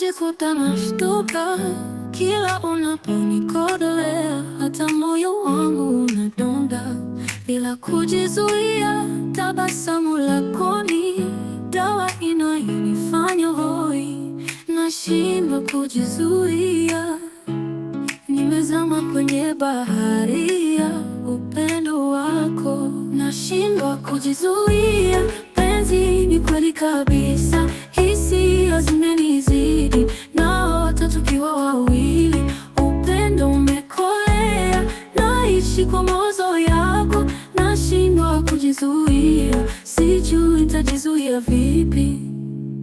Najikuta nashtuka kila unaponikodolea, hata moyo wangu unadonda bila kujizuia. Tabasamu lako ni dawa inayonifanya hoi, nashindwa kujizuia. Nimezama kwenye bahari ya upendo wako, nashindwa kujizuia. Penzi ni kweli kabisa ndoa na naota tukiwa wawili, upendo umekolea, naishi kwa mawazo yako, nashindwa kujizuia, sijui nitajizuia vipi.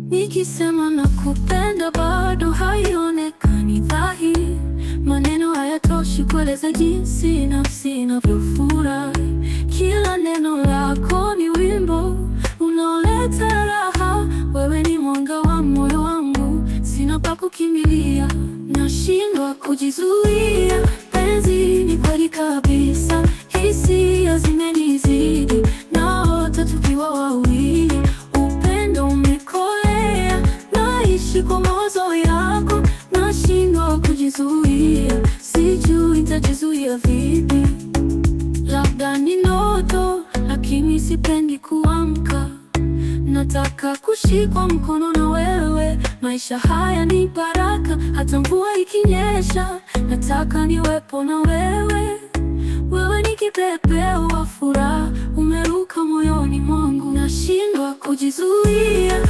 Nikisema nakupenda bado haionekani dhahiri, maneno hayatoshi kueleza jinsi nafsi inavyofurahi, kila neno lako ni wimbo kukimbilia, nashindwa kujizuia. Penzi ni kweli kabisa, hisia zimenizidi, naota tukiwa wawili, upendo umekolea, naishi kwa mawazo yako, nashindwa kujizuia, sijui nitajizuia vipi. Labda ni ndoto, lakini sipendi kuamka, nataka kushikwa mkono na Maisha haya ni baraka, hata mvua ikinyesha. Nataka niwepo na wewe, wewe ni kipepeo wa furaha, umeruka moyoni mwangu, nashindwa kujizuia.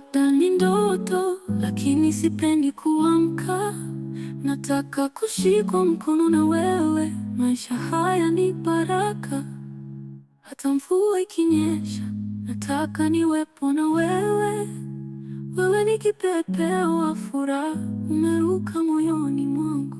labda ni ndoto, lakini sipendi kuamka. Nataka kushikwa mkono na wewe, maisha haya ni baraka. Hata mvua ikinyesha, nataka niwepo na wewe. Wewe ni kipepeo wa furaha, umeruka moyoni mwangu.